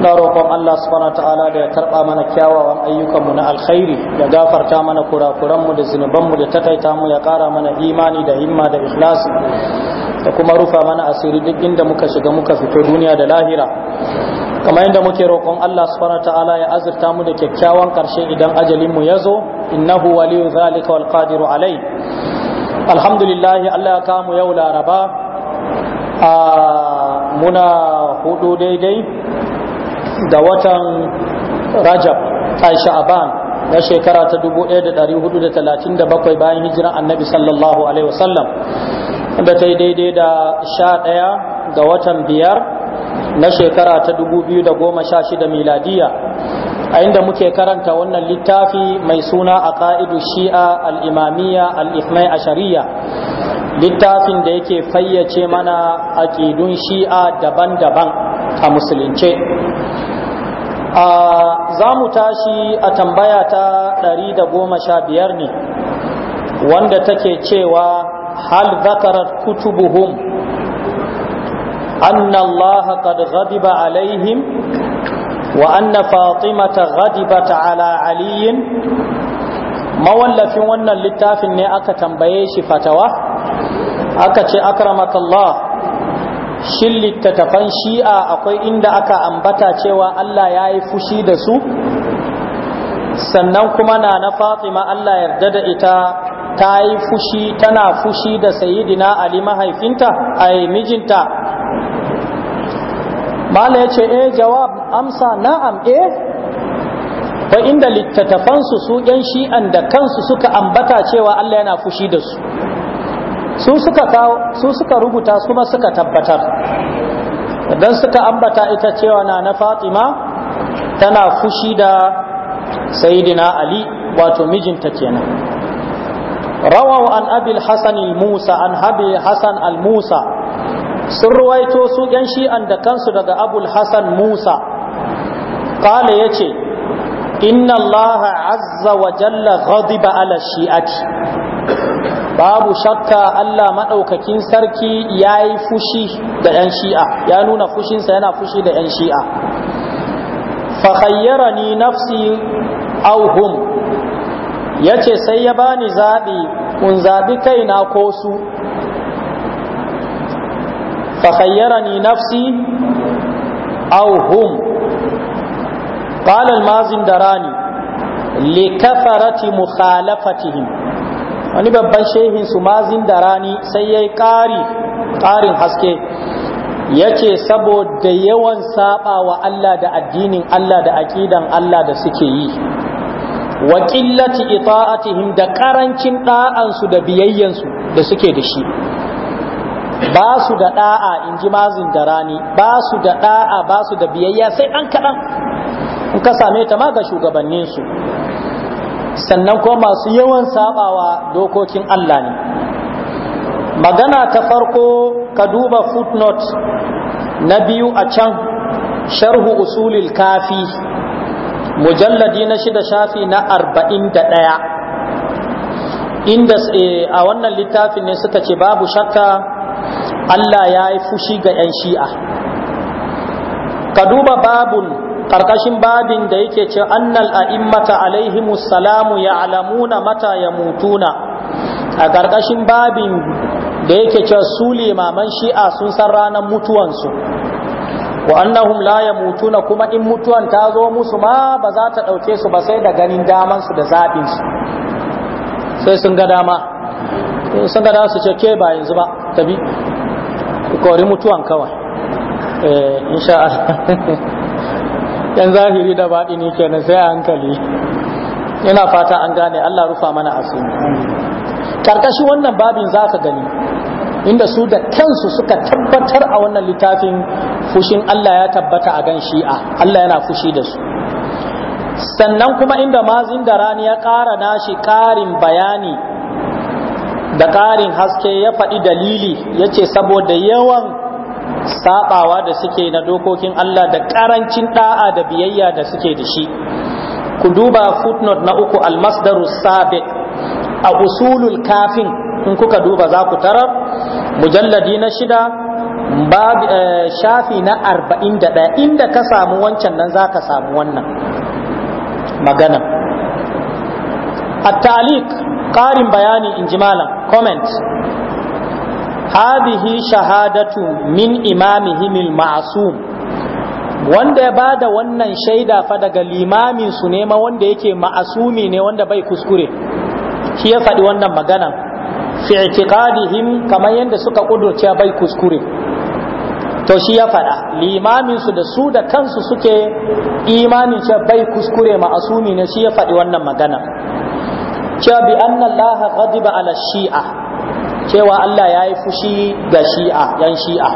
na roƙon Allah subhanahu ta'ala da ya karɓa mana kyawawan ayyukanmu na alkhairi ya gafarta mana kurakuranmu da zunubanmu da takaita mu ya ƙara mana imani da himma da ikhlasi da kuma rufa mana asiri duk inda muka shiga muka fito duniya da lahira kamar yadda muke roƙon Allah subhanahu ta'ala ya azurta mu da kyakkyawan ƙarshe idan ajalin mu ya zo innahu waliyu zalika wal qadiru alai alhamdulillah Allah ya kamu yau laraba a ah, muna hudu daidai Da watan rajab a sha'aban na shekara ta 1437 bayan hijiran annabi sallallahu alaihi wasallam da ta yi daidai da sha ɗaya ga watan biyar na shekara ta 2016 miladiya a inda muke karanta wannan littafi mai suna a ka'idu shi'a al'imamiya al'ifnai a shari'a littafin da yake fayyace mana aƙidun shi'a daban-daban a musulunce za mu tashi a tambayata ɗari da goma sha biyar ne wanda take cewa hal zakarar kutubuhum أن الله قد غضب عليهم وأن فاطمة غضبت على علي mawallafin wannan littafin ne aka tambaye shi fatawa aka ce akramak Allah shin littattafan shi'a akwai inda aka ambata cewa Allah ya yi fushi da su sannan kuma na na fatima Allah yarda da ita ta yi fushi tana fushi da sayidina ali mahaifinta a mijinta mala ya ce eh jawab amsa na'am eh fa inda littattafansu su yan shi'an da kansu suka ambata cewa Allah yana fushi da su su suka kawo su suka rubuta kuma suka tabbatar dan suka ambata ita cewa na na Fatima tana fushi da Saidina Ali wato mijinta kenan Rawau an abil hasan musa an habi hasan al musa sun ruwaito su yan shi'an da kansu daga abul hasan musa ya yace inna allaha azza wa jalla ghadiba ala shi'ati babu shakka Allah maɗaukakin sarki ya yi fushi da 'yan shi'a ya nuna fushinsa yana fushi da 'yan shi'a Fahayyara ni nafsi auhum ya ce sai ya bani zaɓi un zaɓi kaina ko su Fahayyara ni nafsi auhum قال المازن دراني لكفرة مخالفتهم wani babban shehin su mazin da rani sai ya yi ƙarin haske ya ce saboda yawan saba wa Allah da addinin Allah da aƙidan Allah da suke yi wa ƙillati ita'atihim da ƙarancin ɗa'ansu da biyayyansu da suke da shi ba su da ɗa'a in ji mazin da rani ba su da ɗa'a ba su da biyayya sai ɗan kaɗan in ka same ta ma ga shugabanninsu sannan kuma masu yawan sabawa dokokin Allah ne magana ta farko ka duba footnote na biyu a can sharhu usulil kafi mujalladi na shida shafi na arba'in da ɗaya inda eh, a wannan littafin ne suka ce babu shakka Allah ya yi fushi ga 'yan shi'a ka duba babun ƙarƙashin babin da yake ce annal a'immata alaihimu salamu ya alamuna mata ya mutuna a ƙarƙashin babin da yake ce su limaman shi'a sun san ranar mutuwansu wa annahum la ya mutuna kuma in mutuwan ta zo musu ma ba za ta ɗauke su ba sai da ganin damansu da zaɓinsu sai sun ga dama sun ga dama su ce ke ba yanzu ba tabi kori mutuwan kawai eh insha Allah yan zahiri da baɗi kenan sai a hankali ina fata an gane Allah rufa mana asiri karkashin wannan babin za ka gani inda su da kansu suka tabbatar a wannan littafin fushin Allah ya tabbata a gan shi'a Allah yana fushi da su sannan kuma inda mazin da rani ya ƙara nashi ƙarin bayani da ƙarin haske ya faɗi dalili ya ce saboda yawan sabawa da suke na dokokin Allah da ƙarancin ɗa'a da biyayya da suke da shi ku duba footnote na uku almasdaru sabit a usulul kafin in kuka duba za ku tarar mujalladi na shida bab eh, shafi na arba'in da ɗaya inda ka samu wancan nan za ka samu wannan magana at-taliq ƙarin bayani in comment هذه shahadatu min إمامهم المعصوم wanda ya bada wannan shaida fa daga limamin su ne ma wanda yake ma'asumi ne wanda bai kuskure shi ya faɗi wannan magana fi i'tiqadihim kamar yadda suka kudurce bai kuskure to shi ya faɗa limamin su da su da kansu suke imanin cewa bai kuskure ma'asumi ne shi ya faɗi wannan magana cewa bi anna allaha ghadiba ala shi'a cewa Allah ya yi fushi ga shi'a yan shi'a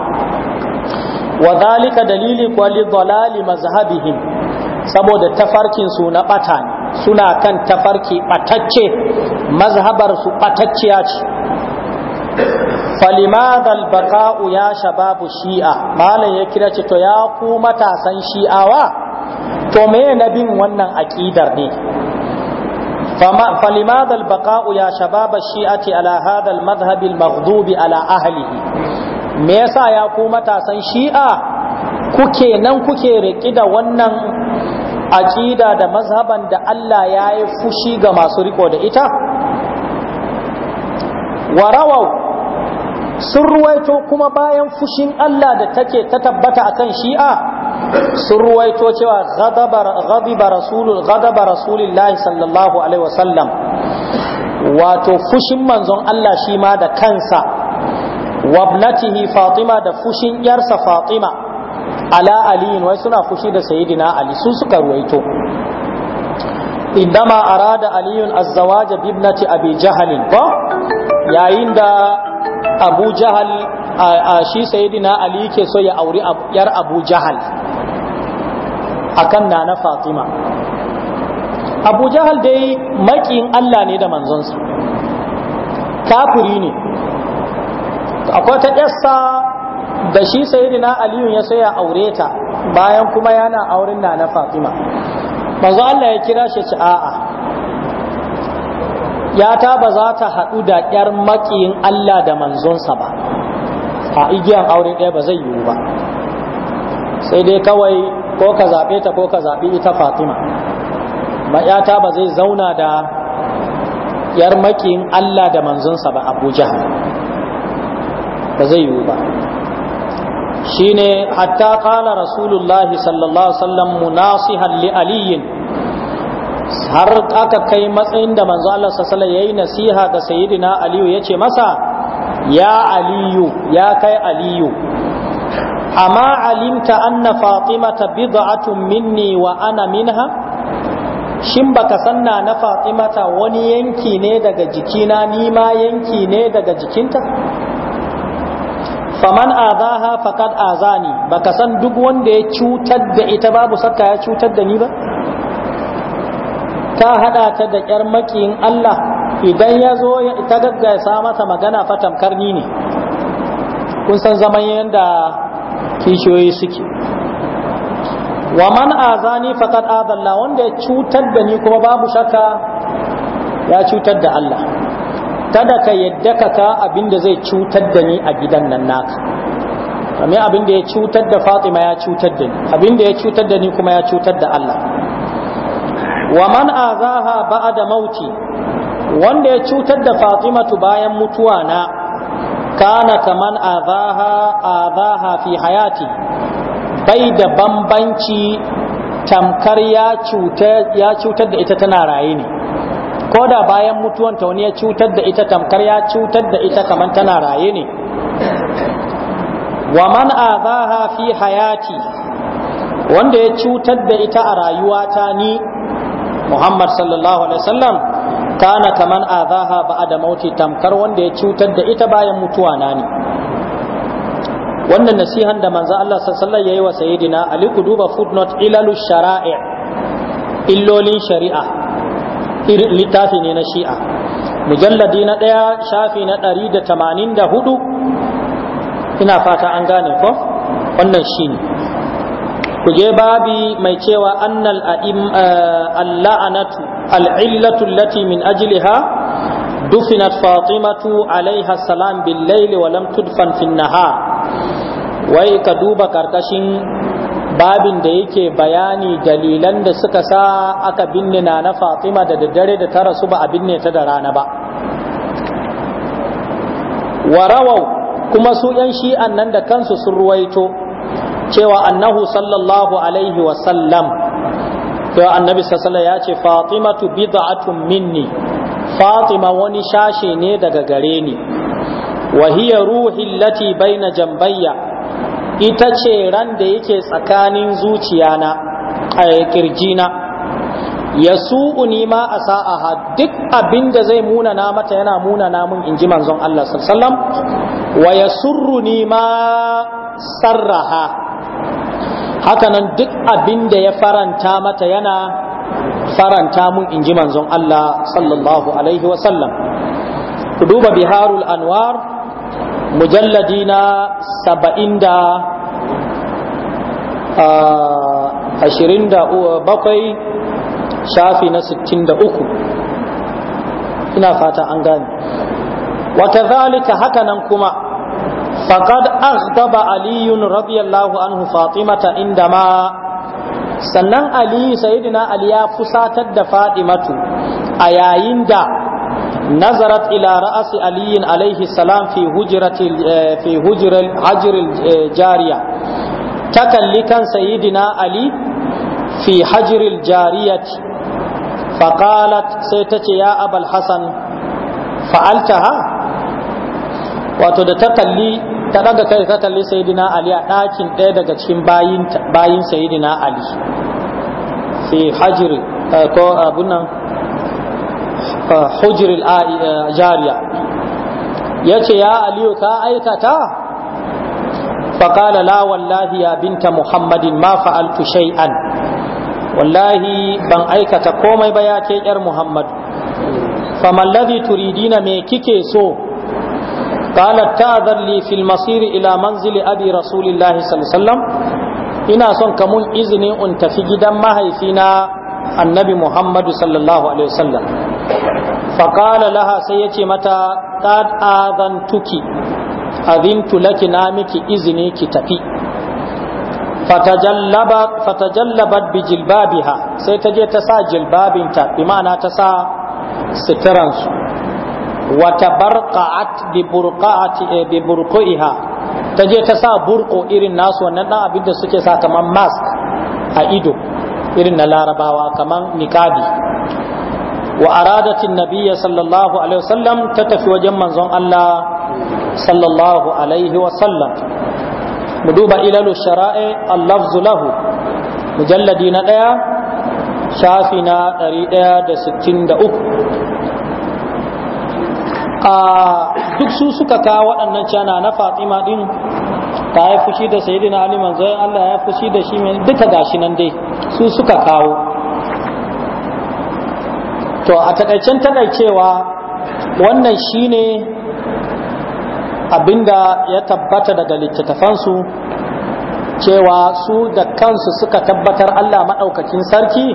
wa zalika dalili kuwa dalali mazhabihim saboda tafarkin su na bata suna kan tafarki batacce mazhabar su batacciya ce فلماذا البقاء ya shababu Shi'a, malam ya kira ce to ya ku matasan shi'awa to me nabin wannan akidar ne فلماذا البقاء يا شباب الشيعة على هذا المذهب المغضوب ala أهله me yasa ya ku matasan shi'a kuke nan kuke riƙi da wannan aƙida da mazhaban da Allah ya yi fushi ga masu riko da ita warawau sun ruwaito kuma bayan fushin Allah da take ta tabbata akan shi'a sun ruwaito cewa ghadiba rasulul ghadaba sallallahu alaihi wasallam wato fushin manzon Allah shi ma da kansa wabnatihi fatima da fushin yarsa fatima ala aliyin wai suna fushi da sayyidina ali su suka ruwaito indama arada aliyun azzawaja bibnati abi jahalin yayin da abu jahal shi sayyidina ali ke so ya auri yar abu jahal akan nana fatima abu jahal dai makiyin allah ne da manzonsa kafiri ne akwai ta ƙyasa da shi sayidina aliyu ya saya aure ta bayan kuma yana auren nana fatima manzo allah ya kira shi ci a'a ya ta ba za ta haɗu da ƴar makiyin allah da manzonsa ba a igiyan aure ɗaya ba zai yiwu ba sai dai kawai ko ka zaɓe ta ko ka zaɓi ita fatima ma'yata ba zai zauna da yar makin Allah da manzonsa ba abuja ba zai yiwu ba shi ne hatta kala rasulullahi sallallahu sallam munasihan li aliyin har aka kai matsayin da manzo Allah sallallahu ya yi nasiha ga sayyidina aliyu ya ce masa ya aliyu ya kai aliyu amma alimta anna fatimata bid'atun minni wa ana minha shin baka sanna na fatimata wani yanki ne daga jikina ni ma yanki ne daga jikinta faman azaha faqad azani baka san duk wanda ya cutar da ita babu sakka ya cutar da ni ba ta hada ta da kyar makiyin Allah idan ya zo ta gaggasa mata magana fa tamkar ni ne kun san zaman yanda kishiyoyi suke wa man azani faqad adalla wanda ya cutar da ni kuma babu shakka ya cutar da Allah kada ka yadda ka ka abinda zai cutar da ni a gidan nan naka kamar abinda ya cutar da Fatima ya cutar da ni abinda ya cutar da ni kuma ya cutar da Allah wa man azaha ba'da mauti wanda ya cutar da tu bayan mutuwa na kana kaman azaha azaha fi hayati bai da bambanci tamkar ya cutar da ita tana raye ne ko da bayan mutuwan ta wani ya cutar da ita tamkar ya cutar da ita kaman tana raye ne wa man azaha fi hayati wanda ya cutar da ita a rayuwata ni Muhammad sallallahu alaihi wasallam kana kaman azaha ba'da mauti tamkar wanda ya cutar da ita bayan mutuwa na ne wannan nasihan da manzo Allah sallallahu alaihi yayi wa sayyidina Ali ku duba footnote ilalu shara'i illolin shari'a littafi ne na shi'a mujalladi na daya shafi na 184 ina fata an gane ko wannan shine ku je babi mai cewa annal eh, al-la'anatu al-illatu min ajliha dufinat fatimatu alaiha salam bil layli wa lam tudfan fi nahar wai ka duba karkashin babin da yake bayani dalilan da suka sa aka binne na na fatima da daddare da ta rasu ba a binne ta da rana ba warawau kuma su 'yan shi'an nan da kansu sun ruwaito cewa annahu sallallahu alaihi wasallam cewa annabi sassala ya ce fatimatu bid'atun minni fatima wani shashe ne daga gare ni wa hiya ruhi lati baina jambayya ita ce ran da yake tsakanin zuciyana a kirjina ya su ma a sa'aha duk abin da zai munana mata yana munana mun in ji manzon Allah sallallahu wa ya surruni ma sarraha hakanan duk abin da ya faranta mata yana faranta mun in ji manzon Allah sallallahu alaihi wasallam ku duba biharul anwar mujalladi na saba'in da ashirin da bakwai shafi na sittin da uku ina fata an gane wata zalika hakanan kuma faqad aghdaba aliyun radiyallahu anhu fatimata indama sannan ali sayyidina ali ya fusatar da fadimatu a yayin da nazarat ila ra'asi aliyin alaihi salam fi hujrati eh, fi hujral hajril eh, jariya ta kalli kan sayyidina ali fi hajril jariyati faqalat sai tace ya abul hasan fa'altaha wato da ta kalli ta daga kai ta kalli sayyidina ali a ɗakin ɗaya daga cikin bayin bayin ali fi eh, ko abun nan eh, hujril eh, jariya yace ya aliyu ka aikata faqala la wallahi ya binta muhammadin ma fa'altu shay'an wallahi ban aikata komai ba ya ke yar muhammad faman ladhi turidina me kike so قالت تاذر لي في المصير الى منزل ابي رسول الله صلى ina son ka mun izini in tafi gidan mahaifina annabi muhammadu sallallahu alaihi wasallam fa qala laha sai yace mata qad abin tuki adintu na miki izini ki tafi fatajallaba fatajallabat bi jilbabiha sai ta je ta sa jilbabin ta ma'ana ta sa sitaran watabarqa'at bi burqa'ati bi burqiha ta je ta sa burko irin nasu wannan dan abin da suke sa kaman mask a ido irin na larabawa kaman niqabi wa aradatin nabiyya sallallahu alaihi wasallam ta tafi wajen manzon Allah sallallahu alaihi wasallam mu duba ilalu shara'i al-lafzu lahu mujalladi na daya shafi na 163 duk su suka kawo waɗannan cana na fatima ɗin, ta ya fushi da sayyidina ali manzon Allah ya fushi da shi duka gashi nan dai su suka kawo to a takaicen takaicewa wannan shi shine abinda ya tabbata daga littattafansu cewa su da kansu suka tabbatar Allah maɗaukakin sarki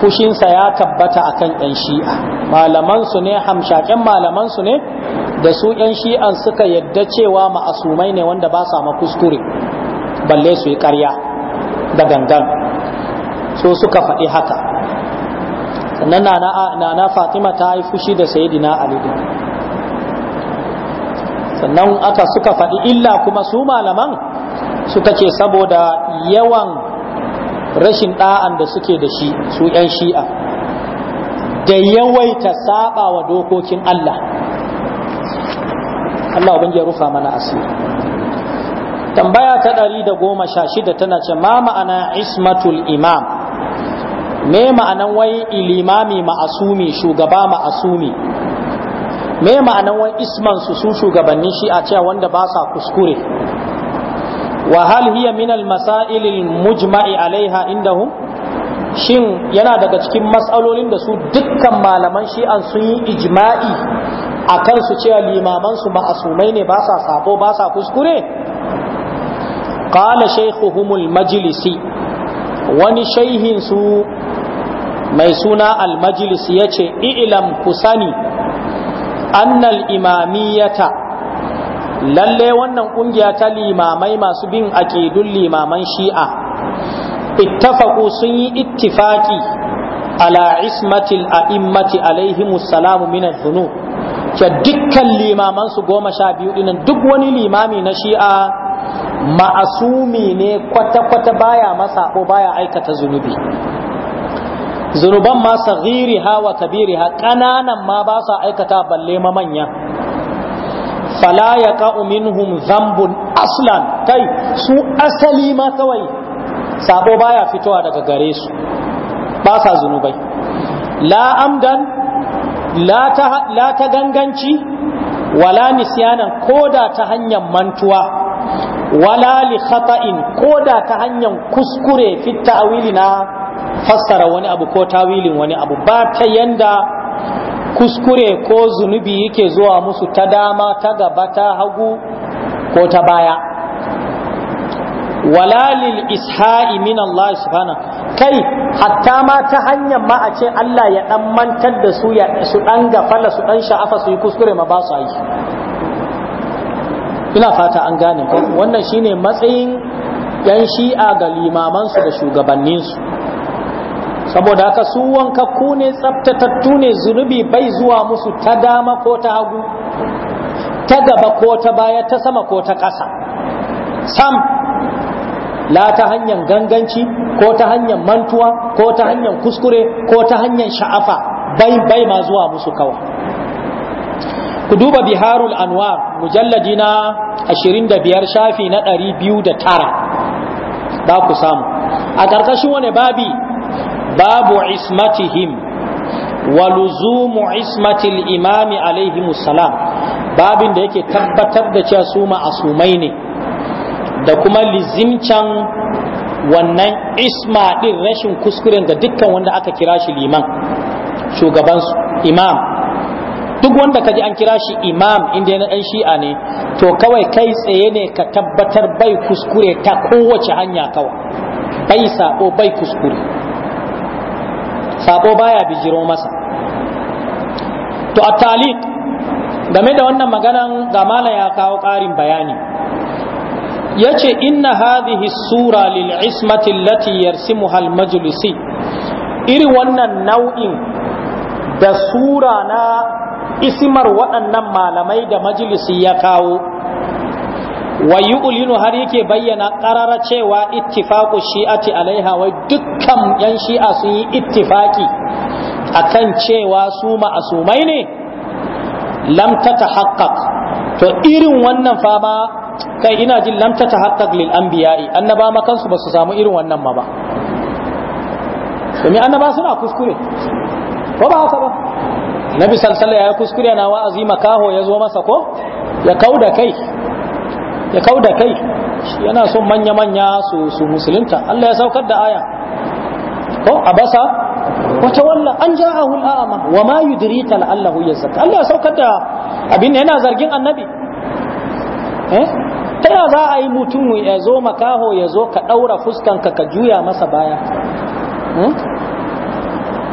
fushinsa ya tabbata akan yan shi'a malaman ne hamshaken malaman su ne da su yan shi'an suka yadda cewa ma'asumai ne wanda ba sa kuskure balle su yi ƙarya da gangan so suka faɗi haka sannan nana fatima ta yi fushi da sayidina ali sannan aka suka faɗi illa kuma su malaman suka ce saboda yawan rashin da'an da suke da shi su 'yan shi'a da yawaita saba wa dokokin Allah Allah ubangi ya rufa mana asiri tambaya ta ɗari da goma sha shida tana ce ma ma'ana ismatul imam me ma'anan wai ilimami ma'asumi shugaba ma'asumi me ma'anan wai ismansu su su shugabannin shi'a cewa wanda ba sa kuskure wa hal hiya min al masail al mujma'i alaiha indahum shin yana daga cikin matsalolin da su dukkan malaman shi'an sun yi ijma'i kan su cewa limaman su ma'asumai ne ba sa sabo ba sa kuskure qala shaykhuhumul majlisi wani shaihin su mai suna al majlisi yace i'lam kusani annal imamiyata lalle wannan kungiya ta limamai masu bin aƙidun limaman shi'a ittafaku sun yi ittifaki ala ismatil a'immati alaihimus salamu minaz zunub ke dukkan limaman su goma sha biyu dinan duk wani limami na shi'a ma'asumi ne kwata-kwata baya masa ko baya aikata zunubi zunuban ma sagiri hawa kabiri ha Kananan ma ba sa aikata balle ma manya fala ya ka'u minhum zambun aslan kai su asali ma kawai sabo baya fitowa daga gare su ba sa zunubai la amdan la ta ganganci wala nisyanan koda ta hanyar mantuwa wala li khata'in koda ta hanyar kuskure fi ta'wili na fassara wani abu ko tawilin wani abu ba ta yanda kuskure ko zunubi yake zuwa musu ta dama ta gaba ta hagu ko ta baya walalil isha'i min Allah subhanahu kai hatta ma ta hanyar ma a ce Allah ya dan mantar da su ya su dan gafala su dan sha'afa su yi kuskure ma ba su yi ina fata an gane ko wannan shine matsayin yan shi'a ga limamansu da shugabanninsu saboda haka su wankakku ne tsaftatattu ne zunubi bai zuwa musu ta dama ko ta hagu ta gaba ko ta baya ta sama ko ta ƙasa sam la ta hanyar ganganci ko ta hanyar mantuwa ko ta hanyar kuskure ko ta hanyar sha'afa bai bai ma zuwa musu kawai ku duba biharul anwar mujalladi na 25 shafi na 209 ba ku samu a ƙarƙashin wani babi babu ismatihim wa luzumu ismatil imami alaihi musalam babin da yake tabbatar da cewa su ma'asumai ne da kuma lizimcan wannan isma din rashin kuskuren da dukkan wanda aka kira shi liman shugabansu imam duk wanda kaji an kira shi imam inda na ɗan shi'a ne to kawai kai tsaye ne ka tabbatar bai kuskure ta kowace hanya kawai bai sako bai kuskure sabo baya bijiro masa to a taliq game da wannan maganan zamana ya kawo ƙarin bayani yace inna hadhihi sura lil ismati allati yarsimuha al majlisi iri wannan nau'in da sura na isimar waɗannan malamai da majlisi ya kawo wa ulinu har yake bayyana qarara cewa ittifaqu shi'ati alaiha wai dukkan yan shi'a sun yi ittifaki kan cewa su ma'asumai ne lam tatahaqqaq to irin wannan fama kai ina jin lam tatahaqqaq lil anbiya'i annaba ma kansu ba su samu irin wannan ma ba domin annaba suna kuskure ko ba haka ba nabi sallallahu alaihi wasallam ya kuskure na wa'azi makaho ya zo masa ko ya kauda kai ya kau da kai yana son manya-manya su su musulunta Allah ya saukar da aya ko a basa. wata walla an ja a ja'ahu al'ama wa ma yudrika la'allahu yazakka Allah ya saukar da abin yana zargin annabi eh ta ya za a yi mutum ya zo makaho ya zo ka daura fuskanka ka juya masa baya hmm?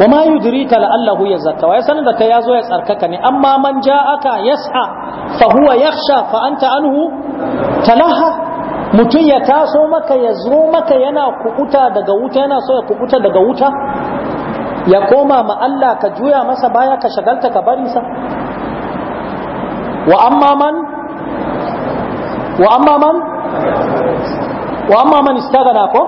wa ma yudrika la'allahu yazakka wa yasan da kai ya zo ya tsarkaka ne amma man ja'aka yas'a fa huwa yakhsha fa anta anhu talaha mutum ya taso maka ya zo maka yana kukuta daga wuta yana so ya kukuta daga wuta ya koma ma Allah ka juya masa baya ka shagalta ka bari sa wa amma man wa amma man wa amma man istagana ko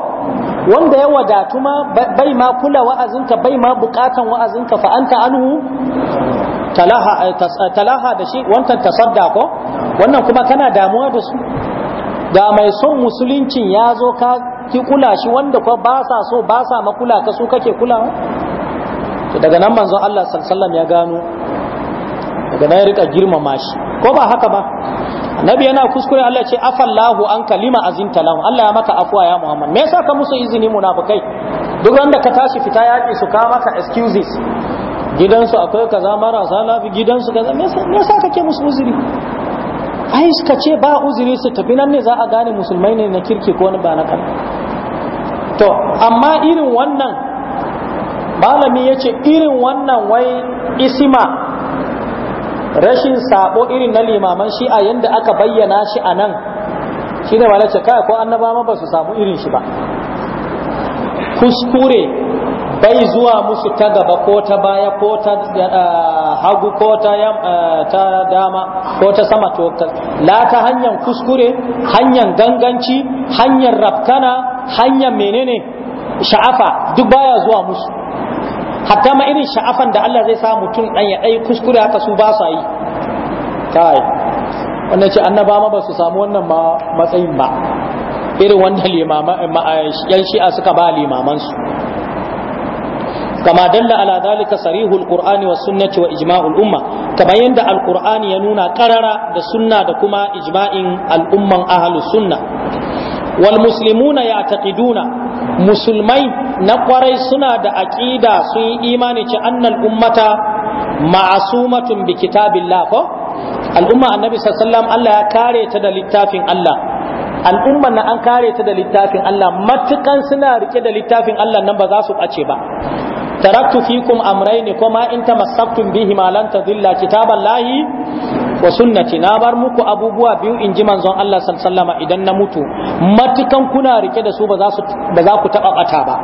wanda ya wadatu ma bai ma kula wa'azinka bai ma bukatan wa'azinka fa anta anhu talaha eh, eh, talaha da shi wantan tasadda ko wannan kuma kana damuwa da su da mai son musuluncin ya zo ka ki kula shi wanda kuma ba sa so ba sa makula ka su kake kulawa to daga nan manzon Allah sallallahu ya gano daga nan ya rika girmama shi ko ba haka ba annabi yana kuskure Allah ce afallahu an kalima azinta lahu Allah ya maka afwa ya Muhammad me yasa ka musu izini munafikai duk wanda ka tashi fita yaki su ka maka excuses gidansu akwai kaza marasa lafi gidansu kaza me yasa kake musu uzuri ai suka ce ba uzuri su tafi nan ne za a gane musulmai ne na kirki ko wani ba na kan to amma irin wannan malami ya ce irin wannan wai isima rashin sabo irin na limaman shi a yadda aka bayyana shi a nan shi ne malace kaya ko annaba ma ba su samu irin shi ba kuskure bai zuwa musu ta gaba ko ta baya ko ta hagu ko ta dama ko ta sama tokar la ta hanyar kuskure hanyar ganganci hanyar rafkana hanyar menene sha'afa duk baya zuwa musu hatta ma irin sha'afan da Allah zai sa mutum dan ya dai kuskure haka su ba su yi kai wannan ce annaba ma ba su samu wannan matsayin ba irin wanda limama yan shi'a suka ba limaman su kama dalla ala zalika sarihul qur'ani was sunnati wa ijma'ul umma kamar yadda alqur'ani ya nuna karara da sunna da kuma ijma'in al'umman ahlus sunna wal muslimuna ya'taqiduna musulmai na kwarai suna da aƙida sun yi imani ce annal ummata ma'asumatun bi kitabillah ko al'umma annabi sallallahu Allah ya kare da littafin Allah al'umma na an kareta da littafin Allah matukan suna rike da littafin Allah nan ba za su bace ba taraktu fikum amrayni kuma in tamassaktum bihima lan tadilla kitaballahi wa sunnati na bar muku abubuwa biyu in ji manzon Allah sallallahu idan na mutu matukan kuna rike da su ba za ku taɓa ɓata ba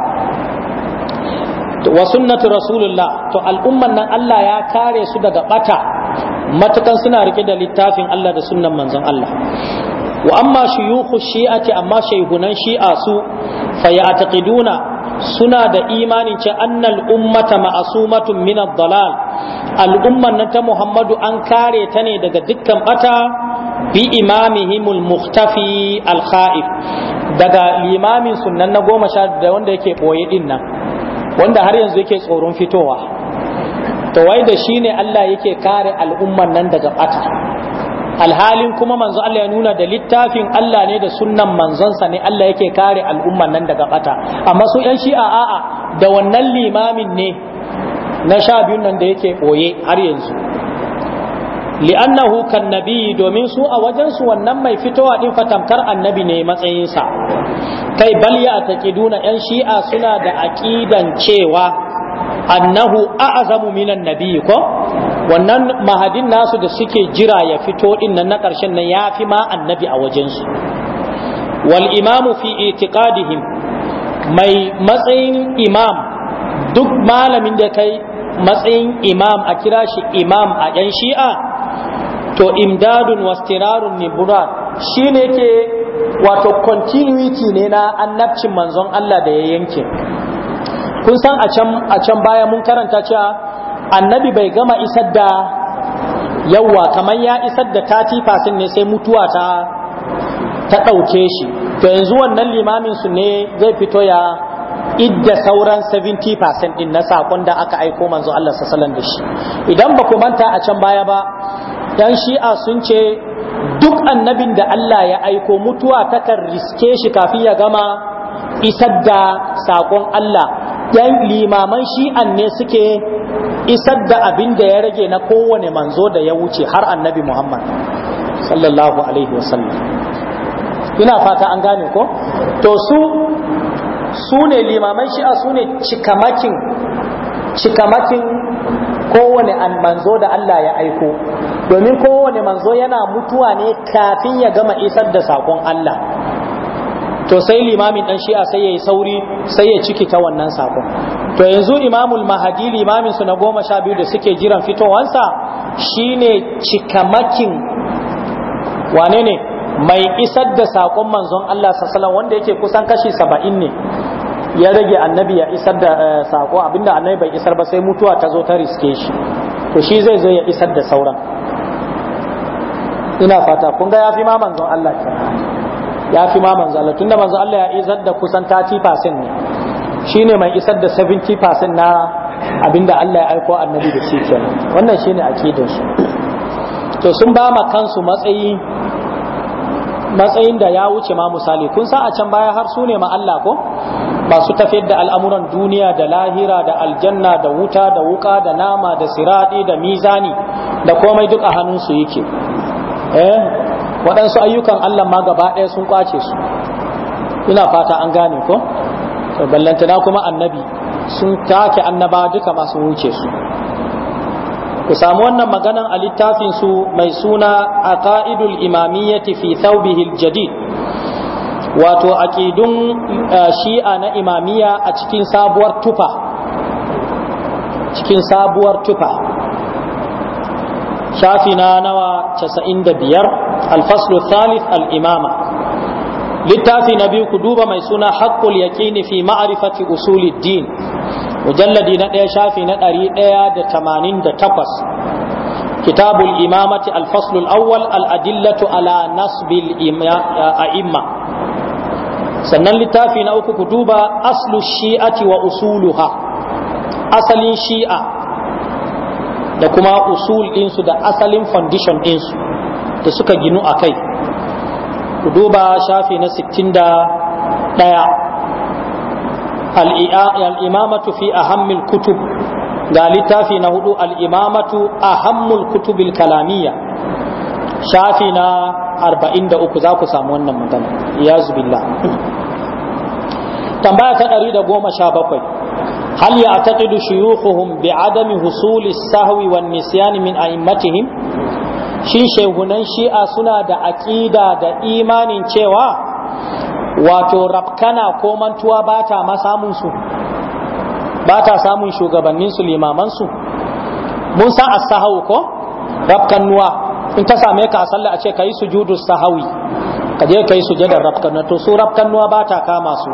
wa sunnati rasulullah to al'umman nan Allah ya kare su daga ɓata matukan suna riƙe da littafin Allah da sunnan manzon Allah wa amma shuyukhu shi'ati amma shaihunan shi'a su fa ya'taqiduna suna da imanin ce annal ummata ma'asumatun min ad-dalal al'umman nan ta Muhammadu an kare ta ne daga dukkan bata bi imamihimul muhtafi al-kha'if daga limamin sunnan na goma sha da wanda yake ɓoye ɗinnan, wanda har yanzu yake tsoron fitowa to wai da shine Allah yake kare al'umman nan daga bata alhalin kuma manzo Allah ya nuna da littafin Allah ne da sunnan manzonsa ne Allah yake kare al'umman nan daga bata amma su yan shi'a a'a da wannan limamin ne na sha biyun nan da yake boye har yanzu li'annahu kan nabi domin su a wajen su wannan mai fitowa din fatamkar annabi ne matsayinsa kai bal ya taqiduna yan shi'a suna da aqidan cewa annahu a'zamu minan nabi ko wannan mahadin nasu da suke jira ya fito din na ƙarshen nan yafi ma annabi a wajen su wal imamu fi itiqadihim mai matsayin imam duk malamin da kai matsayin imam a kira shi imam a yan shi'a to imdadun wastirarun nibura shine ke wato continuity ne na annabcin manzon Allah da ya yanke kun san a can baya mun karanta cewa annabi bai gama isar da yawa kamar ya isar da fasin ne sai mutuwa ta ta ɗauke shi to yanzu wannan limamin su ne zai fito ya idda sauran 70% ɗin na sakon da aka aiko manzo Allah sallallahu da shi idan ba ku manta a can baya ba dan shi'a sun ce duk annabin da Allah ya aiko mutuwa takan riske shi kafin ya gama isar da sakon Allah yan limaman shi'an ne suke isar da abin da ya rage na kowane manzo da ya wuce har annabi muhammad sallallahu alaihi wasallam ina fata an gane ko to su su ne limaman shi'a su ne cikamakin cikamakin kowane manzo da Allah ya aiko domin kowane manzo yana mutuwa ne kafin ya gama isar da sakon Allah to sai limamin dan shi'a sai yayi sauri sai ya ciki ta wannan sakon to yanzu imamul mahadi limamin su na goma sha biyu da suke jiran fitowansa shine cikamakin wane ne mai isar da sakon manzon Allah sallallahu wanda yake kusan kashi saba'in ne ya rage annabi ya isar da eh, sako abinda annabi bai isar ba sai mutuwa ta zo ta riske shi to shi zai zo ya isar da sauran ina fata kun ga yafi ma manzon Allah kenan ya fi ma manzo Allah tunda manzo Allah ya izar da kusan 30% ne shine mai isar da 70% na abinda Allah ya aiko annabi da shi kenan wannan shine akidar su to sun ba ma kansu matsayi matsayin da ya wuce ma misali kun sa a can baya har su ne ma Allah ko masu tafiyar da al'amuran duniya da lahira da aljanna da wuta da wuka da nama da siradi da mizani da komai duk a hannun su yake eh waɗansu ayyukan Allah ma gaba ɗaya sun kwace su ina fata an gane ko to ballantana kuma annabi sun take annaba duka masu wuce su ku samu wannan maganan a littafin su mai suna al-ka'idul imamiyyati fi thawbihi jadid wato aqidun eh, shi'a na imamiya a cikin sabuwar tufa cikin sabuwar tufa shafi na nawa 95 الفصل al الإمامة littafi na biyu ku duba mai suna haƙƙul yaƙini fi ma'arifati usulid-din mujalladi na ɗaya shafi na ɗari ɗaya da tamanin da takwas kitabul imamati alfaslul awwal al'adillatu ala nasbil a'imma sannan littafi na uku ku duba aslu shi'ati wa usuluha asalin shi'a da kuma usul ɗinsu da asalin foundation ɗinsu da suka ginu a kai ku duba shafi na 61 al'imamatu fi ahammil kutub ga littafi na hudu al'imamatu ahammul kutubil kalamiya shafi na 43 za ku samu wannan magana ya zubilla tambaya ta 117 hal ya taƙidu shuyukuhum bi adami husuli sahwi wan nisyan min a'immatihim shi shehunan shi'a suna da aƙida da imanin cewa wato rafkana ko mantuwa ba ta ma su? ba ta samun shugabanninsu limamansu mun sa as-sahawu ko rafkanuwa in ta same ka a sallah a ce ka yi sujudu sahawi ka je ka yi sujadar rafkanuwa to su rafkanuwa ba ta kama su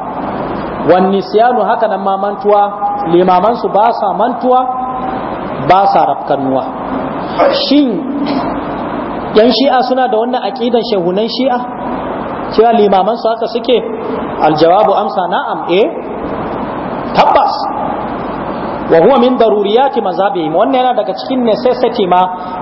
wani siyanu haka nan ma mantuwa limamansu ba sa mantuwa ba sa rafkanuwa shin yan shi'a suna da wannan aqidan shehunan shi'a cewa limaman su haka suke aljawabu amsa na'am eh tabbas wa huwa min daruriyati mazhabihim wannan yana daga cikin necessity ma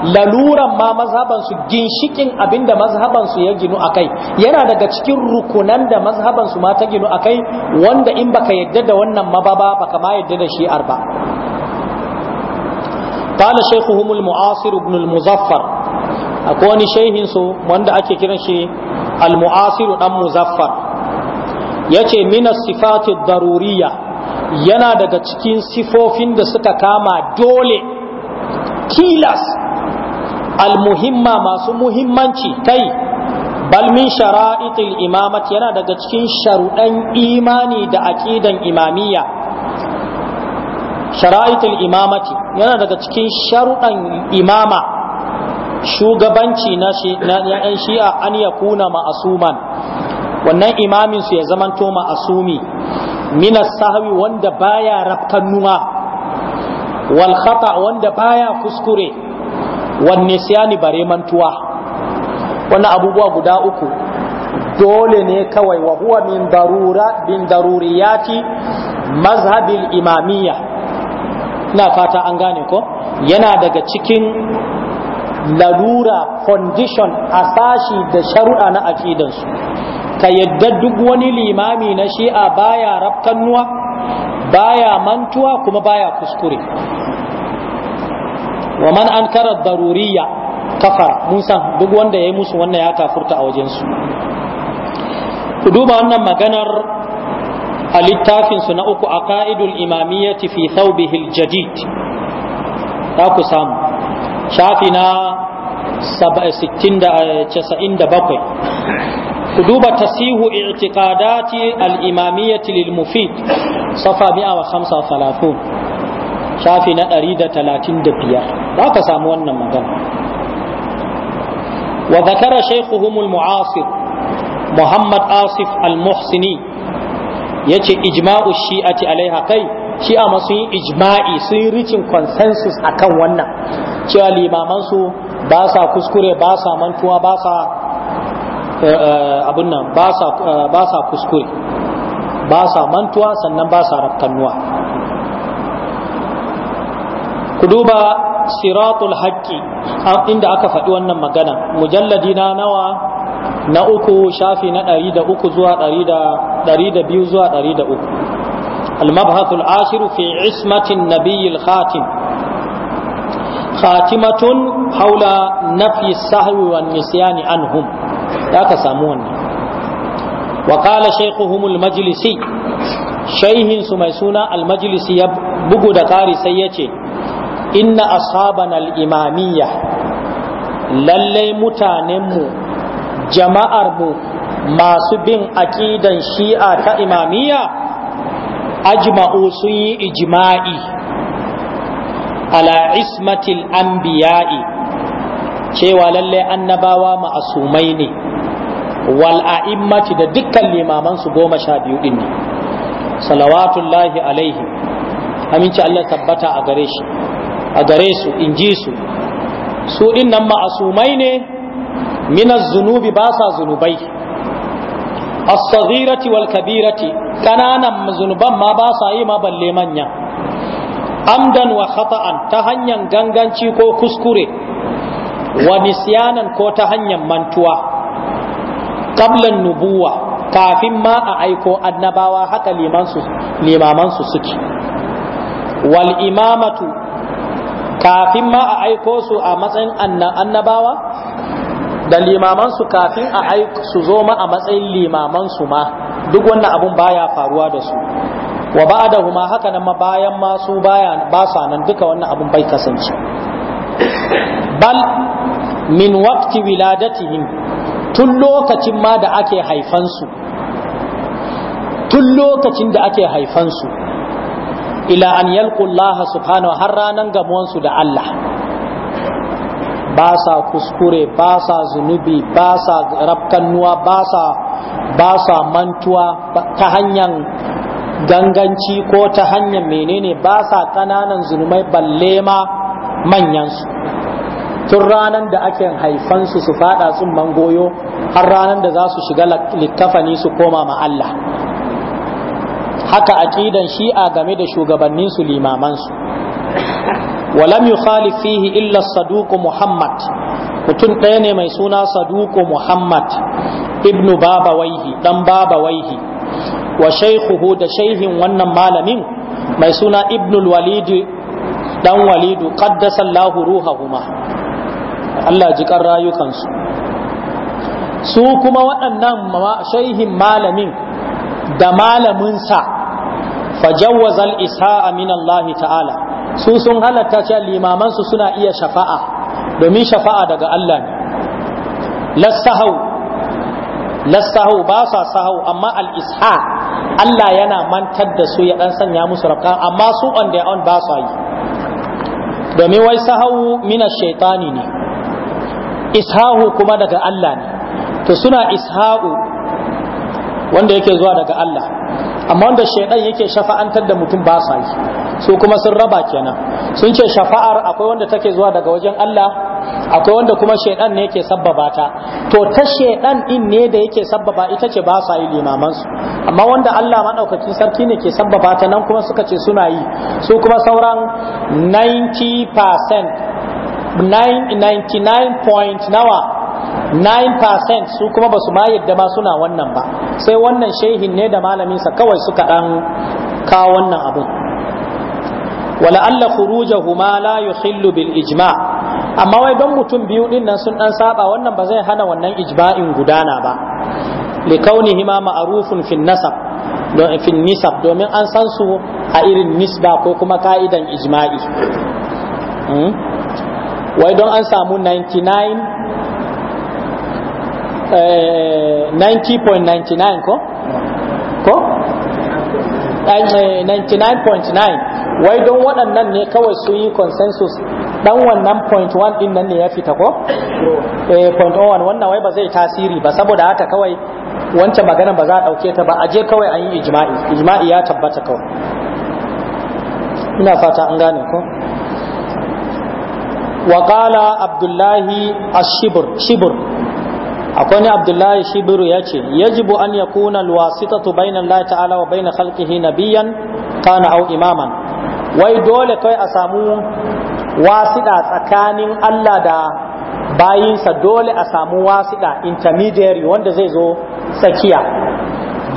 laluran ma mazhaban su ginshikin abinda mazhaban su ya ginu akai yana daga cikin rukunan da mazhaban su ma ta ginu akai wanda in baka yadda da wannan mababa baka ma yadda da shi'ar ba قال شيخهم المعاصر ابن المظفر akwai wani shehin su wanda ake kiran shi al-mu'asiru dan muzaffar yace min sifati daruriya yana daga cikin sifofin da suka kama dole Kilas al-muhimma masu muhimmanci kai bal min shara'itil imamat yana daga cikin sharuɗan imani da aqidan imamiyya shara'itul imamati yana daga cikin sharuɗan imama shugabanci na ‘yan shi'a an ya kuna ma'asuman wannan imaminsu ya zamanto ma'asumi minas sahawi wanda baya rafkannuwa wal khata wanda baya kuskure wan nisyani bare mantuwa wannan abubuwa guda uku dole ne kawai wa huwa min darura bin daruriyati mazhabil imamiyya ina fata an gane ko yana daga cikin larura condition asashi da sharuɗa na aqidansu ka yadda duk wani limami na shi'a baya rafkannuwa baya mantuwa kuma baya kuskure wa man ankara daruriya kafara mun duk wanda ya yi musu wannan ya kafurta a wajensu ku duba wannan maganar a littafinsu na uku a ka'idul imamiyyati fi thawbihil jadid za ku samu shafi na 97 eh, eh, ku duba tasihu i'tiqadati al-imamiyyati lil mufid safa 135 shafi na 135 za ka samu wannan magana wa zakara shaykhuhum al-mu'asir muhammad asif al-muhsini yace ijma'u shi'ati alaiha kai shi'a masu sun yi ijma'i sun yi reaching consensus akan wannan cewa limamansu ba sa kuskure ba sa mantuwa ba sa eh, eh, abin nan eh, ba sa kuskure ba sa mantuwa sannan ba sa rafkannuwa ku duba siratul haƙƙi inda aka faɗi wannan magana mujalladi na nawa na uku shafi na ɗari da uku zuwa ɗari da biyu zuwa ɗari da uku المبحث العاشر في عصمة النبي الخاتم khatimatun haula nafi sahwi wa nisyani anhum da ka samu wannan wa qala shaykhuhum al majlisi shayhin su mai suna al majlisi ya bugu da kari sai yace inna ashabana al imamiyya lallai mutanenmu mu masu bin aƙidan shi'a ta imamiyya ajma'u sun yi ijma'i ala ismatil anbiya'i cewa lalle annabawa ma'asumai ne wal a'immati da dukkan limaman su goma sha biyu din ne salawatullahi alaihi aminci Allah tabbata a gare shi a gare su in ji su su din nan ma'asumai ne minaz zunubi ba sa zunubai as-saghirati wal kabirati kananan zunuban ma ba sa yi ma balle manya amdan wa khata'an ta hanyar ganganci ko kuskure wa nisyanan ko ta hanyar mantuwa qablan nubuwa kafin ma a aiko annabawa haka limamansu suke wal imamatu kafin ma a aiko su a matsayin annabawa da limamansu kafin a aiko su zo ma a matsayin limamansu ma duk wannan abun baya faruwa da su wa ba'dahuma haka nan ma bayan ma su baya ba sa nan duka wannan abun bai kasance bal min waqti wiladatihim tun lokacin ma da ake haifansu tun lokacin da ake haifansu ila an yalqullaha subhanahu har ranan gamuwansu da Allah ba sa kuskure ba sa zunubi ba sa rafkannuwa ba sa ba sa mantuwa ta hanyar ganganci ko ta hanyar menene ba sa ƙananan zulmai balle ma manyansu tun ranar da ake haifansu su fada sun mangoyo har ranar da za su shiga littafani su koma ma Allah haka aqidan shi'a game da shugabannin su limamansu walam yukhalif fihi illa saduku muhammad mutum ɗaya ne mai suna saduku muhammad ibnu baba waihi dan baba waihi wa shaihu da shaihin wannan malamin mai suna ibnul walidi dan walidu qaddasallahu ruhahuma Allah ji kan rayukansu su kuma waɗannan shaihin malamin da malaminsa al isa'a min Allah ta'ala su sun halatta cewa limamansu suna iya shafa'a domin shafa'a daga Allah ne lassahau lassahau ba sa sahau amma al-isha Allah yana mantar da su ya dan sanya musu rafka amma su on their own ba su yi domin wai sahawu mina shaitani ne ishahu kuma daga Allah ne to suna isha'u wanda yake zuwa daga Allah amma wanda shaitan yake shafa'antar da mutum ba su yi su kuma sun raba kenan sun ce shafa'ar akwai wanda take zuwa daga wajen Allah akwai wanda kuma shaidan ne yake sabbaba ta to ta shaidan din ne da yake sabbaba ita ce ba sa yi limaman su amma wanda Allah maɗaukakin sarki ne ke sabbaba ta nan kuma suka ce suna yi su kuma sauran 90% 99 nawa 9% su kuma ba su ma yadda ba suna wannan ba sai wannan shehin ne da malaminsa kawai suka ɗan kawo wannan abin wala'alla khurujahu huma la yuhillu bil ijma' amma wai don mutum biyu din nan sun dan saba wannan ba zai hana wannan ijma'in gudana ba li kaunihima ma'rufun fi nasab don fi nisab domin an san su a irin nisba ko kuma ka'idan ijma'i hmm? wai don an samu 99 90.99 eh, ko ko 99.9 eh, wai don waɗannan ne kawai su yi consensus dan wannan point 1 din nan ne ya fita ko eh point 1 wannan wai ba zai tasiri ba saboda haka kawai wancan magana ba za a ɗauke ta ba a je kawai an yi ijma'i ijma'i ya tabbata kawai ina fata an gane ko wa abdullahi ashibr shibr akwai ne abdullahi shibr ya ce yajibu an yakuna alwasitatu bayna allah ta'ala wa bayna khalqihi nabiyan kana aw imaman wai dole kai a samu wasiɗa tsakanin allah da bayinsa dole a samu wasiɗa intermediary wanda zai zo tsakiya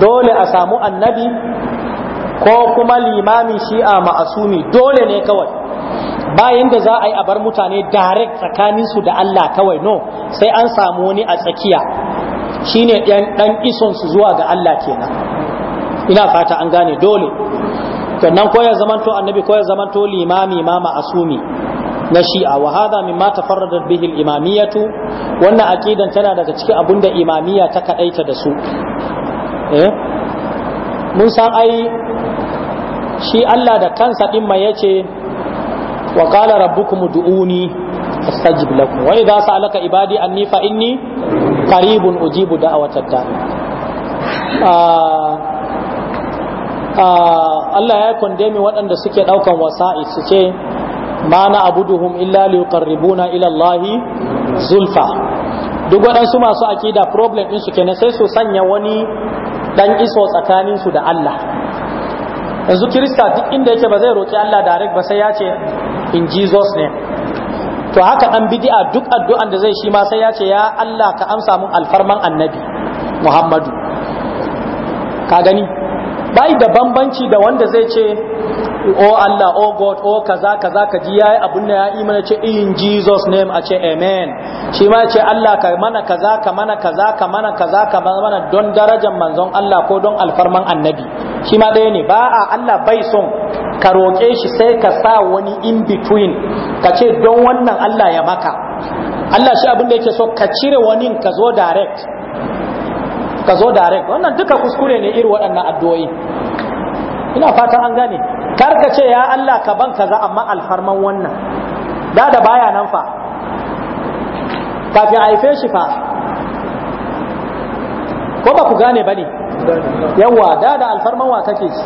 dole a samu annabi ko kuma limami shi'a ma'asumi dole ne kawai bayan da za a yi a bar mutane direct tsakaninsu da Allah kawai no sai an samu wani a tsakiya shine ɗan isonsu zuwa ga Allah kenan ina fata an gane dole sannan ko ya zamanto annabi ko ya zamanto limami ma ma'asumi na shi'a wa hadha mimma tafarradat bihi al-imamiyatu wannan aqidan tana daga cikin abunda imamiyya ta kadaita da su eh mun san ai shi Allah da kansa din mai yace wa qala rabbukum du'uni astajib lakum wa idza sa'alaka ibadi anni fa inni qaribun ujibu da'watad da'i ah, ah, Allah ya kondemi waɗanda suke ɗaukan wasa'i su ce ma na abuduhum illa liqarribuna ila Allah zulfa duk waɗansu masu akida problem su kenan sai su sanya wani dan iso tsakaninsu da Allah yanzu kirista duk inda yake ba zai roki Allah direct ba sai ya ce in Jesus ne to haka dan bid'a duk addu'an da zai shi ma sai ya ce ya Allah ka amsa mun alfarman annabi Muhammadu ka gani bai da bambanci da wanda zai ce O oh Allah O oh God O oh kaza kaza ka ji yayi abun da ya imana ce in Jesus name a ce amen shi ma ce Allah ka mana kaza ka mana kaza ka mana kaza ka mana don darajar manzon Allah ko don alfarman annabi shi ma ɗaya ne ba a Allah bai son ka roƙe shi sai ka sa wani in between ka ce don wannan Allah ya maka Allah shi abin da yake so ka cire wani ka zo direct ka zo direct wannan duka kuskure ne irin waɗannan addu'o'i ina fatan an gane karka ce ya Allah ka ban kaza amma alfarman wannan da da baya nan fa kafin haife shi fa ko ba ku gane ba ne yawa da da alfarman wa kake ci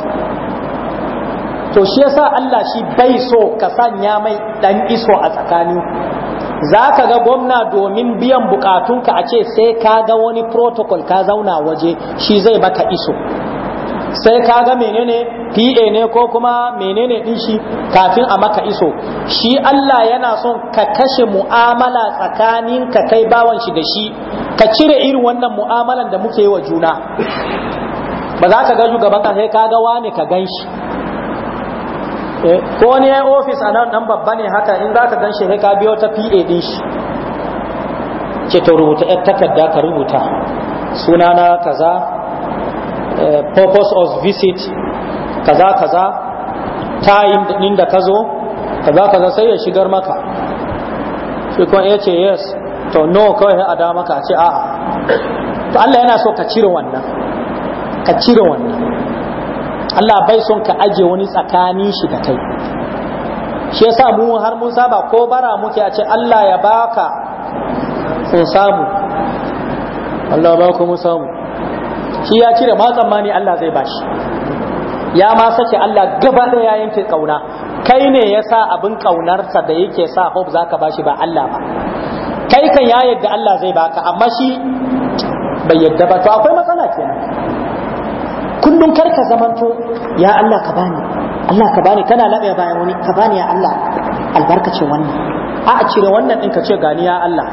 to shi yasa Allah shi bai so ka sanya mai dan iso a tsakani za ka ga gwamna domin biyan bukatunka a ce sai ka ga wani protocol ka zauna waje shi zai baka iso sai ka ga menene PA ne ko kuma menene din shi kafin a maka iso shi Allah yana son ka kashe mu'amala tsakanin ka kai bawan shi da shi ka cire irin wannan mu'amalan da muke yi wa juna ba za ka ga shugaban ka sai ka ga wani ka gan shi eh, ko ne ofis a nan dan babba ne haka in za ka gan shi sai ka biyo ta PA din shi ke ta rubuta yar takarda ka rubuta sunana kaza Uh, purpose of visit kaza kaza time din da kazo kaza kaza sai ya shigar maka shi kuma ya ce yes to no kawai a da maka a ce a'a to Allah yana so ka cire wannan ka cire wannan Allah bai son ka aje wani tsakanin shi da kai shi yasa mu har mun saba ko bara muke a ce Allah ya baka ko samu Allah ba ku mu samu shi ya cire ma tsammani Allah zai bashi ya ma sake Allah gaba da ya yanke kauna kai ne ya sa abin kaunarsa da yake sa hope za ka bashi ba Allah ba kai kan ya yadda Allah zai baka amma shi bai yadda ba to akwai matsala kenan kullum kar ka zamanto ya Allah ka bani Allah ka bani kana labe bayan wani ka bani ya Allah albarkacin wannan a a cire wannan din ka ce gani ya Allah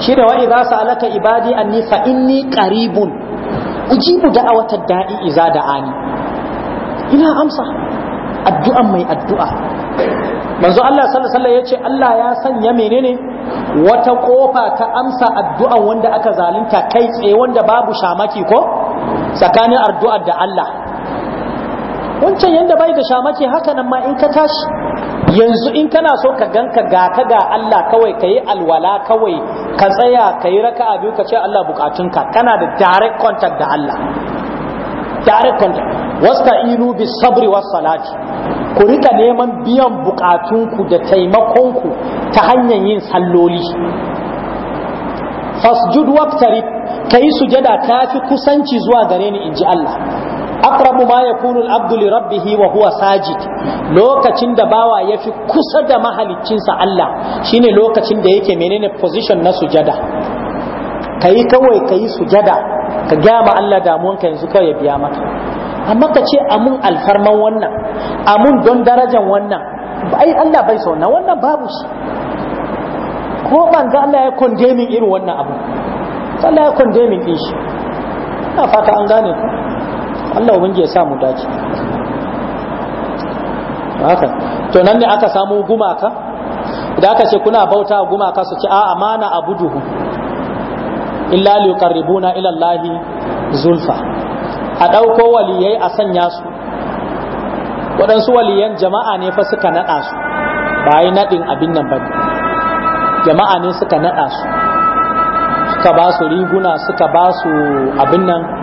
shi da wa'i za su alaka ibadi anni fa inni qaribun ujibu wata da'i iza ani? ina amsa addu'an mai addu'a manzo Allah sallallahu alaihi yace Allah ya sanya menene wata kofa ta amsa addu'an wanda aka zalunta kai tsaye wanda babu shamaki ko tsakanin addu'ar da Allah wancan yadda bai da shamake haka nan ma in ka tashi yanzu in kana so ka ganka ga ka ga Allah kawai ka yi alwala kawai ka tsaya ka yi raka'a biyu ka ce Allah bukatunka kana da direct contact da Allah direct contact wasta'inu bi sabri was salati ku rika neman biyan bukatunku da taimakonku ta hanyar yin salloli fasjud waqtarib kai sujada tafi kusanci zuwa gare ni inji Allah aqrabu ma yakunu al-abdu li wa huwa sajid lokacin da bawa yafi kusa da mahaliccinsa Allah shine lokacin da yake menene position na sujada kai kawai kai sujada ka gama Allah damuwanka yanzu kawai ya biya maka amma ka ce amun alfarman wannan amun don darajan wannan ai Allah bai so wannan wannan babu shi ko irin wannan abu Allah ya condemning din shi ina fata an gane ku Allah ubangi ya samu dace haka to nan ne aka samu gumaka idan aka ce kuna bauta gumaka su ce a amana abuduhu illa yuqarribuna ila Allah zulfa a dauko waliyai a sanya su waɗansu waliyan jama'a ne fa suka naɗa su ba yi naɗin abin nan ba jama'a ne suka naɗa su suka ba su riguna suka ba su abin nan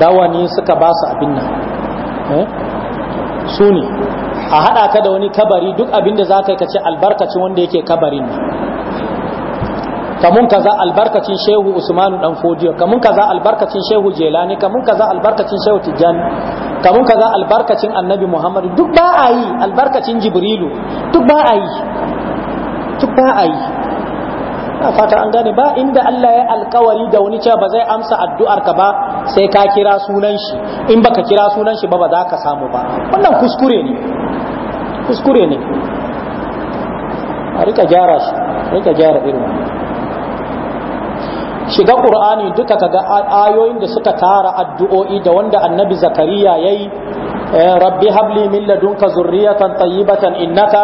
rawani suka ba su abin nan eh? su ne a haɗa ka da wani kabari duk abin da za ka yi ka ce albarkacin wanda yake kabarin ne kamun kaza albarkacin shehu usmanu dan fodiyo kamun kaza albarkacin shehu jelani kamun kaza albarkacin shehu tijjani kamun kaza albarkacin annabi muhammadu duk ba a yi albarkacin jibrilu duk ba a yi duk ba a yi na fata an gane ba inda Allah ya alkawari da wani cewa ba zai amsa addu'ar ka ba sai ka kira sunan shi in baka kira sunan shi ba ba za ka samu ba wannan kuskure ne kuskure ne a rika gyara shi rika gyara irin shiga qur'ani duka kaga ayoyin da suka tara addu'o'i da wanda annabi zakariya yayi eh, rabbi habli min ladunka zurriyatan tayyibatan innaka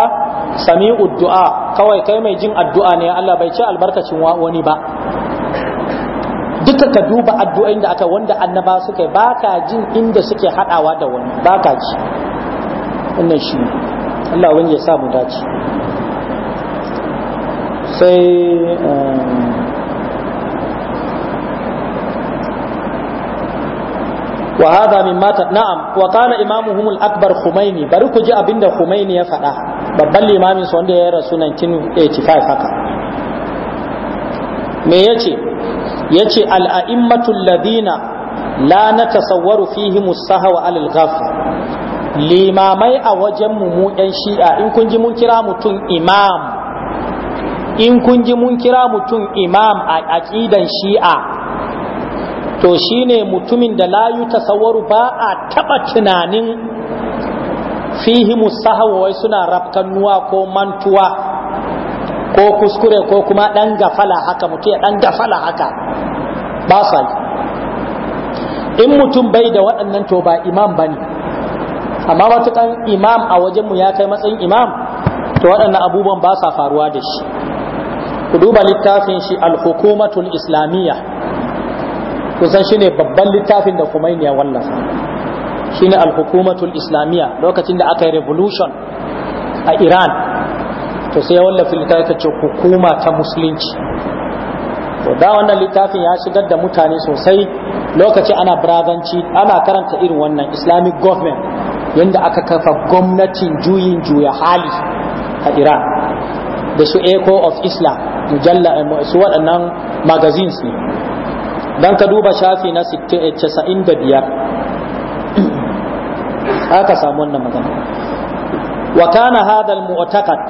sami'ud du'a kawai kai mai jin addu'a ne Allah bai ce albarkacin wani ba duka ka duba addu'ai da aka wanda annaba ba baka jin inda suke hadawa da wani baka ji wannan shi Allah wani ya sa mu dace sai um, wa hadha mimma na'am wa qala imamuhum al-akbar bari ku ji abinda humaini ya faɗa babban limamin sa wanda ya rasu 1985 haka me yace yace al-a'immatu alladhina la natasawwaru fihim as-sahwa al-ghafla limamai a wajen mu mu yan shi'a in kun ji mun kira mutum imam imam a aqidan shi'a to shine mutumin da la tasawwaru ba a taɓa tunanin fihi musahawa wai suna rafkannuwa ko mantuwa ko kuskure ko kuma dan gafala haka mutum ya dan gafala haka ba sa in mutum bai da waɗannan to ba imam bane amma matukan imam a wajenmu ya kai matsayin imam to waɗannan abubuwan ba sa faruwa da shi ku duba littafin shi al-hukumatul islamiyya kusan shine babban littafin da Khomeini ya wallafa shine al-hukumatul islamiyya lokacin da aka yi revolution a Iran to sai ya wallafa littafin ce hukuma ta musulunci to da wannan littafin ya shigar da mutane sosai lokaci ana birazanci ana karanta irin wannan islamic government yadda aka kafa gwamnatin juyin juya hali a iran da su echo of islam mujalla eh, su waɗannan magazines ne don ka duba shafi na 95 haka eh, samu wannan magana wa kana hadal mu'taqad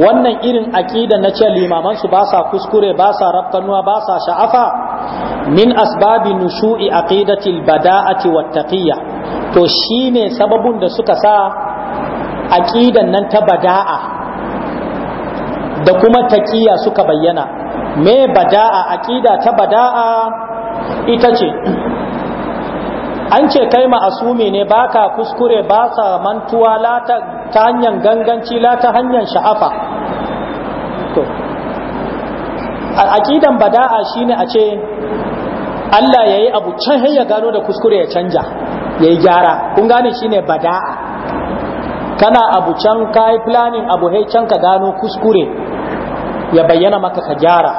wannan irin aqida na ce limaman su ba sa kuskure ba sa rafkanuwa ba sa sha'afa min asbabi nushu'i aqidatil bada'ati wat taqiyya to shine sababun da suka sa aqidan nan ta bada'a da kuma taqiyya suka bayyana me bada'a aqida ta bada'a ita ce an ce kai ma'asumi ne baka kuskure ba sa mantuwa la ta hanyar ganganci la hanyar sha'afa to aqidan bada'a shine a ce Allah yayi abu can ya gano da kuskure ya canja yayi gyara kun gane shine bada'a kana abu can kai planning abu hey can ka gano kuskure ya bayyana maka ka gyara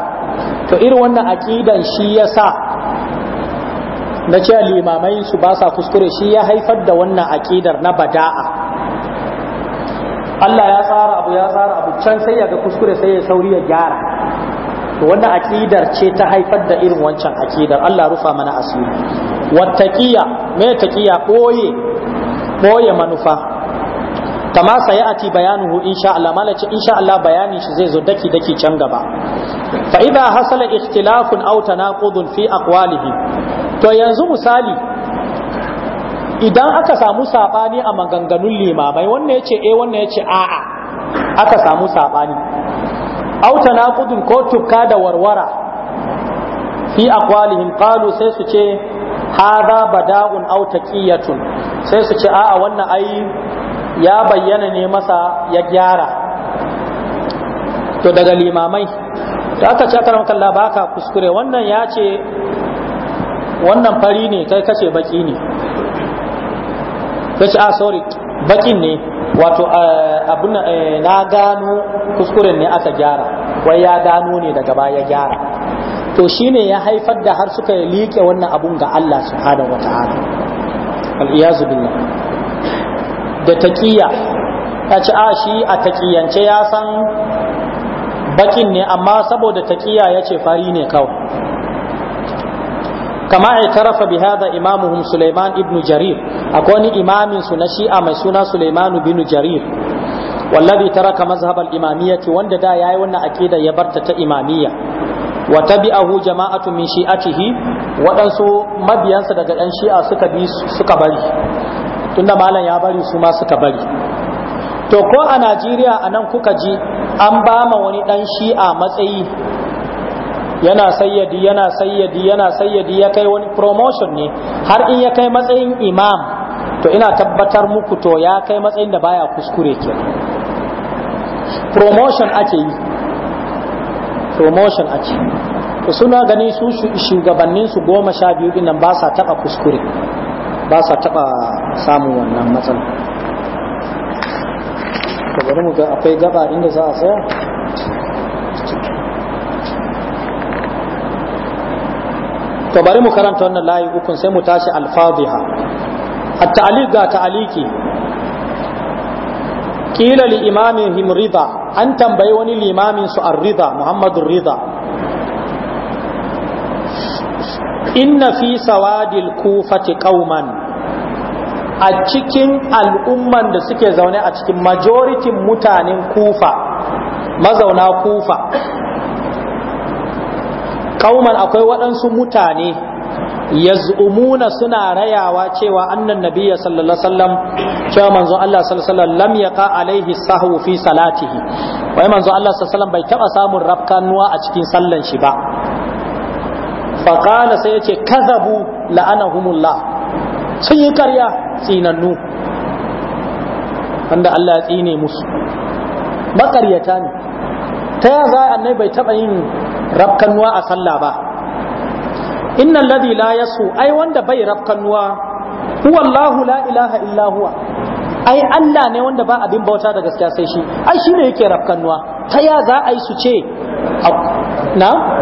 to irin wannan aqidan shi yasa na ce limamai su ba sa kuskure shi ya haifar da wannan aqidar na bada'a Allah ya tsara abu ya tsara abu can sai ya ga kuskure sai ya sauri ya gyara to wannan aqidar ce ta haifar da irin wancan aqidar Allah rufa mana asiri wattaqiya me taqiya boye boye manufa kama sayati bayanuhu insha Allah malaci insha Allah bayanin shi zai zo daki daki can gaba fa idza hasala ikhtilafun aw tanaqudun fi aqwalihi to yanzu misali idan aka samu sabani a maganganun limamai wannan yace eh wannan yace a'a aka samu sabani aw tanaqudun ko tukka da warwara fi aqwalihim qalu sai su ce hadha bada'un aw taqiyatun sai su ce a'a wannan ai ya bayyana ne masa ya gyara to daga limamai to aka ce aka ramakalla ba ka kuskure wannan ya ce wannan fari ne kai kace baki ne kace a ah, sorry bakin ne wato eh, abun eh, na gano kuskuren ne aka gyara wai ya gano ne daga baya gyara to shi ne ya haifar da har suka liƙe wannan abun ga Allah subhanahu wataala al-iyazu billah da taƙiyya ya ci a shi a taƙiyance ya san bakin ne amma saboda taƙiya ya ce fari ne kawai kama ya tarafa bi hada imamuhum Sulaiman ibn Jarir akwai wani imamin su na Shi'a mai suna suleiman ibn Jarir wallabi taraka mazhab al-imamiyya wanda da yi wannan akida ya barta ta imamiyya wa ahu jama'atu min shi'atihi waɗansu mabiyansa daga ɗan shi'a suka bi suka bari tunda malam ya bari su ma suka bari to ko a najeriya a nan kuka ji an ba ma wani dan shi'a matsayi yana sayyadi yana sayyadi yana sayyadi ya kai wani promotion ne har in ya kai matsayin imam to ina tabbatar muku to ya kai matsayin da baya kuskure ke promotion ake yi promotion ake to suna gani su shugabannin su goma sha biyu dinnan ba sa taba kuskure ba sa taba samu wannan matsala da bari mu ga akwai gaba inda za a tsaya to bari mu karanta wannan layi ukun sai mu tashi al-fadhiha at-ta'liq ga ta'aliki qila li imamihim rida an tambayi wani limamin su ar-rida muhammadur rida inna fi sawadil kufati qauman a cikin al'umman da suke zaune a cikin majoritin mutanen kufa mazauna kufa kauman akwai waɗansu mutane umuna suna rayawa cewa annan nabiyya sallallahu alaihi wasallam cewa manzo Allah sallallahu alaihi wasallam lam alaihi sahwu fi salatihi wai manzo Allah sallallahu alaihi wasallam bai taɓa samun rafkanuwa a cikin sallan shi ba faqala sai yace kazabu la'anahumullah sun yi karya tsinannu wanda Allah ya tsine musu makaryata ne ta ya za annai bai taɓa yin rafkannuwa a sallah ba innan ladi la ya su ai wanda bai rafkannuwa huwallahu la ilaha illa huwa ai Allah ne wanda ba abin bauta da gaskiya sai shi ai shi ne yake rafkannuwa ta ya za a yi su ce na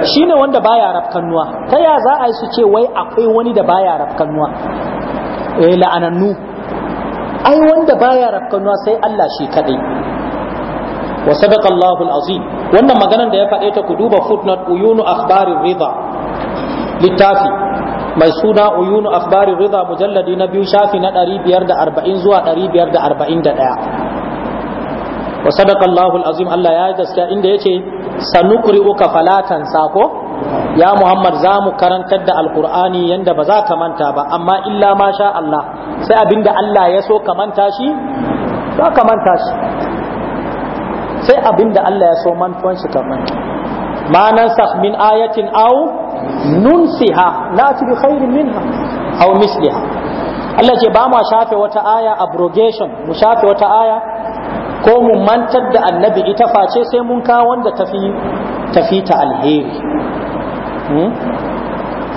Shi ne wanda baya nuwa ta ya za a yi su ce wai akwai wani da baya nuwa. E eh, la'anannu ai wanda baya nuwa sai Allah shi kadai wa sadaqa Allahu azim wannan maganar da ya faɗe ta ku duba footnote uyunu akhbarir rida littafi mai suna uyunu akhbarir rida mujalladi na biyu shafi na 540 zuwa 541 wa sadaqa Allahu azim Allah ya gaskiya inda yace uka falatan sako ya Muhammad za mu karantar da alqur'ani yanda ba za ka manta ba amma illa ma sha Allah sai abinda Allah ya so ka manta shi za ka manta shi sai abinda Allah ya so mantuwan shi ka manta ma nansakh min ayatin aw nunsiha na'ti bi khairin minha au misliha Allah ce ba ma shafe wata aya abrogation mu shafe wata aya ko mu mantar da annabi ita face sai mun kawo wanda tafi ta alheri hmm?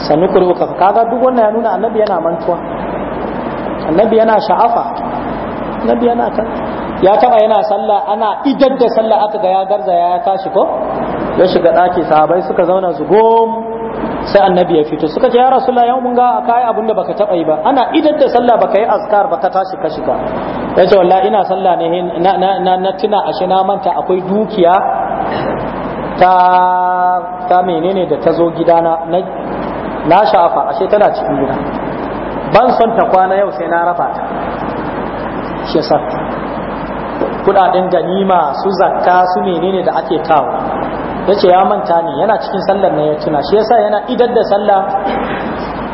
sannu ku rubuka kaga duk wannan ya nuna annabi yana mantuwa annabi yana sha'afa annabi yana kan ya taba yana sallah ana idar da sallah aka ga ya garza ya tashi ko ya shiga daki sahabbai suka zauna su gom sai annabi ya fito suka ce ya rasulullah yau mun ga kai abinda baka taba yi ba ana idan da sallah baka yi azkar baka tashi ka shiga yace wallahi ina sallah ne na na na tuna ashe na manta akwai dukiya ta ta menene da ta zo gidana na na shafa ashe tana cikin gida ban son ta kwana yau sai na rafa ta shi sa kudaden ganima su zakka su menene da ake kawo yace ya manta ne yana cikin sallar ne ya tuna shi yasa yana idar da sallah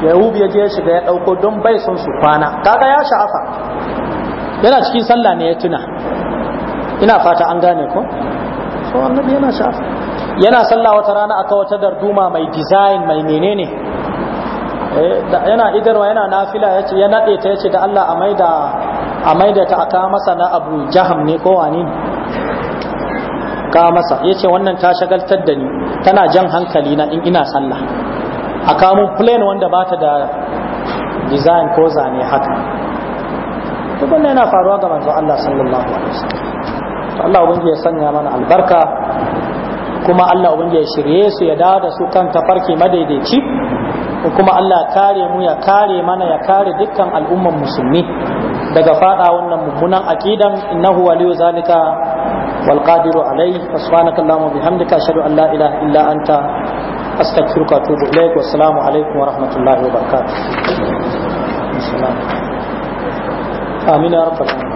yahudi ya je ya shiga ya dauko don bai son su kwana kaga ya sha'afa yana cikin sallah ne ya tuna ina fata an gane ko so annabi yana sha'afa yana sallah wata rana aka wata darduma mai design mai menene eh, yana idarwa yana nafila ce ya nade ta ya ce da Allah a maida a maida ta aka masa na Abu Jaham ne ko wani ne ka masa ya ce wannan ta shagaltar da ni tana jan hankali na in ina sallah a kamun plane wanda ba ta da design ko zane haka duk yana faruwa ga manzo Allah sallallahu alaihi wasallam Allah ubangi ya sanya mana albarka kuma Allah ubangi ya shirye su ya dawo da su kan tafarki madaidaici kuma Allah kare mu ya kare mana ya kare dukkan al'umman musulmi daga fada wannan mummunan aqidan innahu waliyu zalika والقادر عليه سبحانك اللهم وبحمدك أشهد أن لا إله إلا أنت أستغفرك وأتوب إليك والسلام عليكم ورحمة الله وبركاته آمين يا رب العالمين